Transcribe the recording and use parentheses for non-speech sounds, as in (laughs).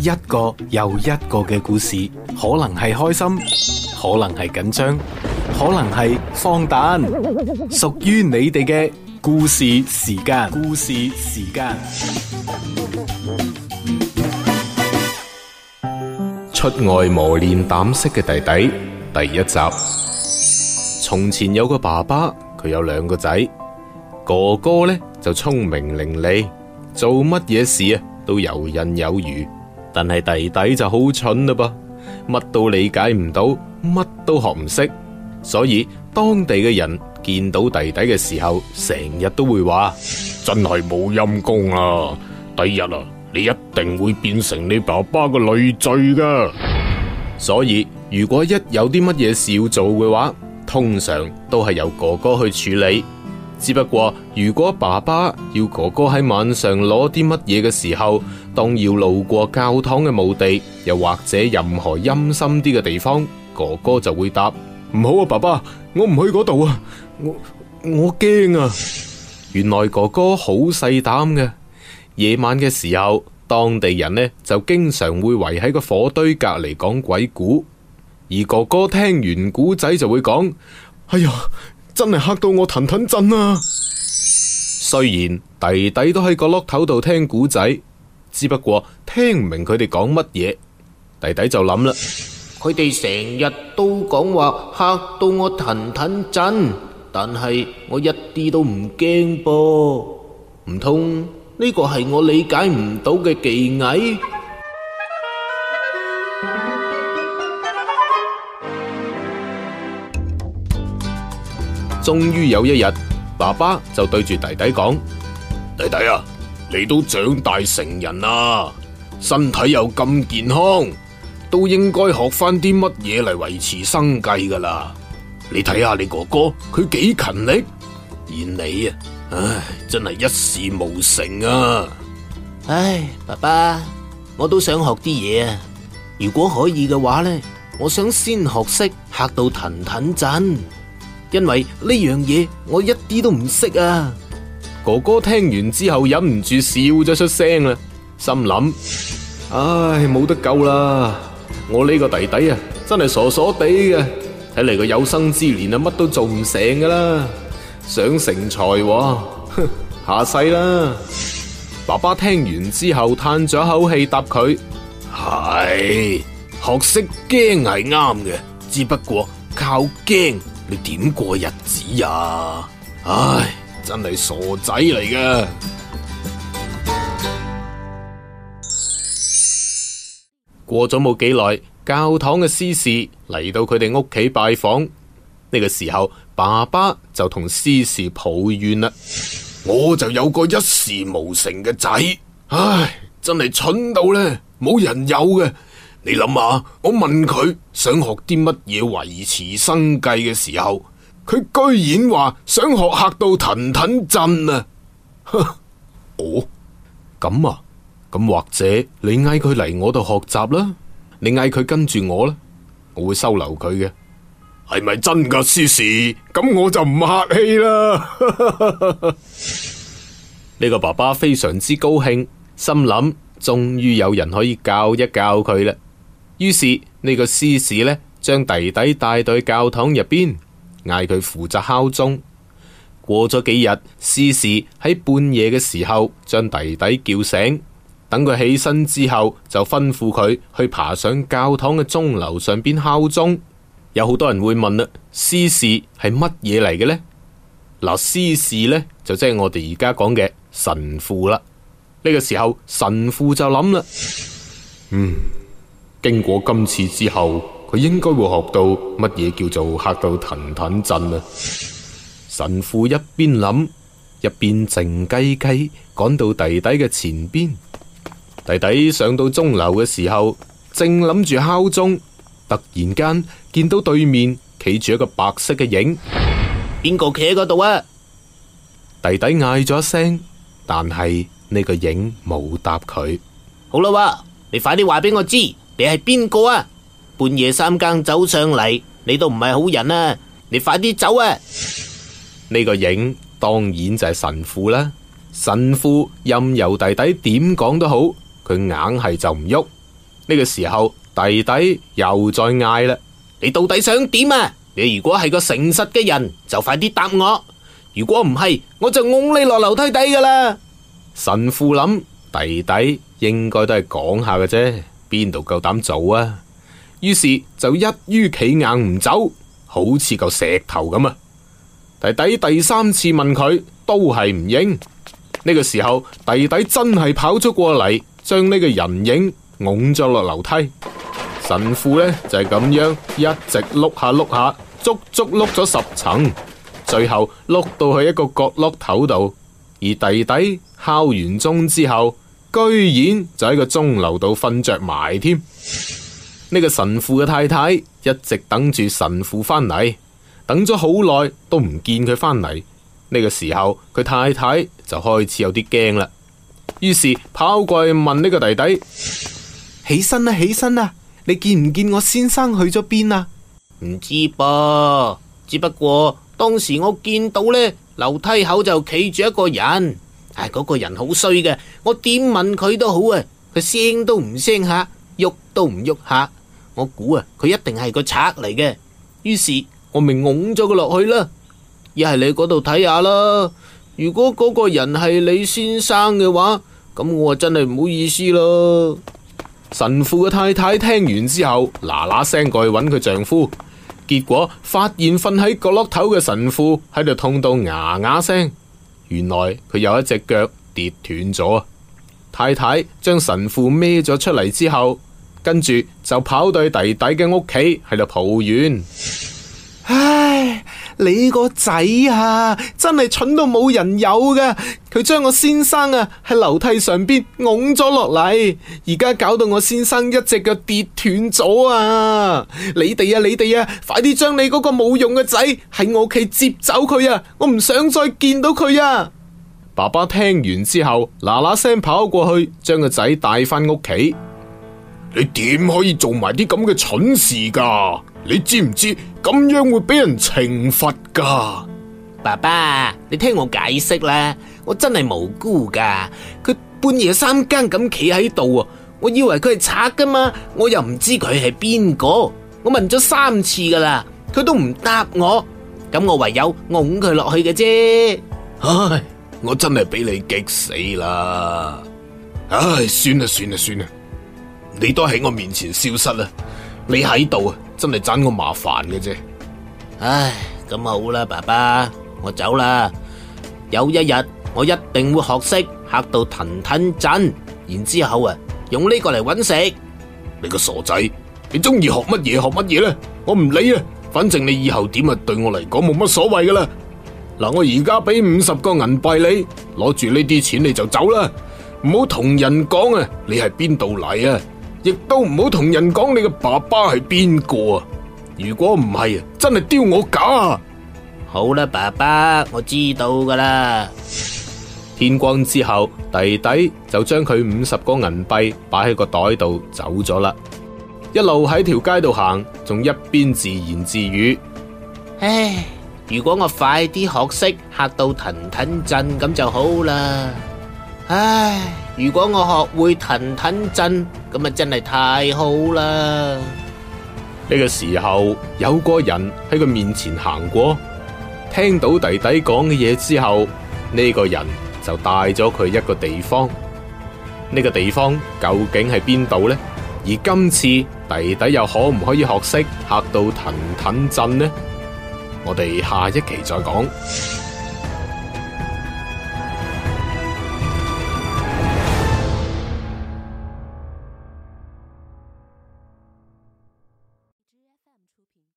一個又一個嘅故事，可能係開心，可能係緊張，可能係放膽，屬於你哋嘅故事時間。故事時間。出外磨練膽識嘅弟弟，第一集。從前有個爸爸，佢有兩個仔，哥哥呢，就聰明伶俐，做乜嘢事啊都游刃有餘。但係弟弟就好蠢嘞噃，乜都理解唔到，乜都學唔識，所以當地嘅人見到弟弟嘅時候，成日都會話：真係冇陰功啊！第日啊，你一定會變成你爸爸嘅累贅㗎。所以如果一有啲乜嘢事要做嘅話，通常都係由哥哥去處理。只不過，如果爸爸要哥哥喺晚上攞啲乜嘢嘅時候，當要路過教堂嘅墓地，又或者任何陰森啲嘅地方，哥哥就會答唔好啊，爸爸，我唔去嗰度啊，我我驚啊！原來哥哥好細膽嘅。夜晚嘅時候，當地人呢就經常會圍喺個火堆隔籬講鬼故，而哥哥聽完古仔就會講：哎呀！真係嚇到我騰騰震啊！ (noise) 雖然弟弟都喺個碌頭度聽古仔，只不過聽唔明佢哋講乜嘢。弟弟就諗啦，佢哋成日都講話嚇到我騰騰震，但係我一啲都唔驚噃。唔通呢個係我理解唔到嘅技藝？終於有一日，爸爸就對住弟弟講：弟弟啊，你都長大成人啦，身體又咁健康，都應該學翻啲乜嘢嚟維持生計噶啦。你睇下你哥哥，佢幾勤力，而你啊，唉，真係一事無成啊！唉，爸爸，我都想學啲嘢啊。如果可以嘅話呢，我想先學識吓到騰騰震。因為呢樣嘢我一啲都唔識啊！哥哥聽完之後忍唔住笑咗出聲啦，心諗：唉，冇得救啦！我呢個弟弟啊，真係傻傻地嘅，睇嚟佢有生之年啊，乜都做唔成噶啦！想成才喎，下世啦！ (laughs) 爸爸聽完之後嘆咗口氣答，答佢：係，學識驚係啱嘅，只不過靠驚，你點過日子呀？唉，真係傻仔嚟嘅。過咗冇幾耐，教堂嘅司事嚟到佢哋屋企拜訪。呢、呢個時候，爸爸就同司事抱怨啦：我就有個一事無成嘅仔，唉，真係蠢到呢，冇人有嘅。你諗下，我問佢想學啲乜嘢維持生計嘅時候，佢居然話想學吓到騰騰震啊！ (laughs) 哦，咁啊，咁或者你嗌佢嚟我度學習啦，你嗌佢跟住我啦，我會收留佢嘅，係咪真噶？斯斯，咁我就唔客氣啦。呢 (laughs) 個爸爸非常之高興，心諗終於有人可以教一教佢啦。於是呢個司事呢，將弟弟帶到教堂入邊，嗌佢負責敲鐘。過咗幾日，司事喺半夜嘅時候，將弟弟叫醒，等佢起身之後，就吩咐佢去爬上教堂嘅鐘樓上邊敲鐘。有好多人會問啦，「司事係乜嘢嚟嘅呢？」嗱，司事呢，就即係我哋而家講嘅神父啦。呢個時候，神父就諗啦，嗯。經過今次之後，佢應該會學到乜嘢叫做嚇到騰騰震啊。神父一邊諗，一邊靜雞雞趕到弟弟嘅前邊。弟弟上到鐘樓嘅時候，正諗住敲鐘，突然間見到對面企住一個白色嘅影。邊個企喺嗰度啊？弟弟嗌咗一聲，但係呢個影冇答佢。好啦，你快啲話俾我知。你係邊個啊？半夜三更走上嚟，你都唔係好人啊！你快啲走啊！呢個影當然就係神父啦。神父任由弟弟點講都好，佢硬係就唔喐。呢個時候弟弟又再嗌啦：你到底想點啊？你如果係個誠實嘅人，就快啲答我；如果唔係，我就拱你落樓梯底噶啦！神父諗弟弟應該都係講下嘅啫。邊度夠膽做啊？於是就一於企硬唔走，好似嚿石頭咁啊！弟弟第三次問佢，都係唔應。呢、這個時候，弟弟真係跑咗過嚟，將呢個人影擁咗落樓梯。神父呢，就係、是、咁樣，一直碌下碌下，足足碌咗十層，最後碌到去一個角落頭度。而弟弟敲完鐘之後。居然就喺個鐘樓度瞓着埋添。呢個神父嘅太太一直等住神父返嚟，等咗好耐都唔見佢返嚟。呢個時候佢太太就開始有啲驚啦，於是跑過去問呢個弟弟：起身啦，起身啦！你見唔見我先生去咗邊啊？唔知噃。只不過當時我見到呢樓梯口就企住一個人。嗰、哎嗰個人好衰嘅，我點問佢都好啊，佢聲都唔聲下，喐都唔喐下，我估啊，佢一定係個賊嚟嘅。於是我咪拱咗佢落去啦，一係你嗰度睇下啦。如果嗰個人係你先生嘅話，咁我真係唔好意思咯。神父嘅太太聽完之後，嗱嗱聲過去揾佢丈夫，結果發現瞓喺角落頭嘅神父喺度痛到牙牙聲。原來佢有一隻腳跌斷咗啊！太太將神父孭咗出嚟之後，跟住就跑到弟弟嘅屋企喺度抱怨：唉，你個仔啊，真係蠢到冇人有㗎！佢將我先生啊喺樓梯上邊拱咗落嚟，而家搞到我先生一隻腳跌斷咗啊！你哋啊，你哋啊，快啲將你嗰個冇用嘅仔喺我屋企接走佢啊！我唔想再見到佢啊！爸爸聽完之後，嗱嗱聲跑過去，將個仔帶翻屋企。你點可以做埋啲咁嘅蠢事噶？你知唔知咁樣會俾人懲罰噶？爸爸，你聽我解釋啦。我真係無辜噶，佢半夜三更咁企喺度啊！我以為佢係賊噶嘛，我又唔知佢係邊個，我問咗三次噶啦，佢都唔答我，咁我唯有㧬佢落去嘅啫。唉，我真係俾你激死啦！唉，算啦算啦算啦，你都喺我面前消失啦，你喺度啊，真係盞我麻煩嘅啫。唉，咁好啦，爸爸，我走啦，有一日，我一定會學識嚇到騰騰震，然之後啊，用呢個嚟搵食。你個傻仔，你中意學乜嘢學乜嘢咧？我唔理啊，反正你以後點啊，對我嚟講冇乜所謂噶啦。嗱，我而家俾五十個銀幣你，攞住呢啲錢你就走啦，唔好同人講啊，你係邊度嚟啊？亦都唔好同人講你嘅爸爸係邊個啊？如果唔係啊，真係丟我假啊！好啦，爸爸，我知道噶啦。天光之後，弟弟就將佢五十個銀幣擺喺個袋度走咗啦。一路喺條街度行，仲一邊自言自語：唉，如果我快啲學識吓到騰騰震咁就好啦。唉，如果我學會騰騰震咁啊，真係太好啦。呢個時候有個人喺佢面前行過，聽到弟弟講嘅嘢，之後，呢個人。就帶咗佢一個地方，呢個地方究竟係邊度呢？而今次弟弟又可唔可以學識嚇到騰騰震呢？我哋下一期再講。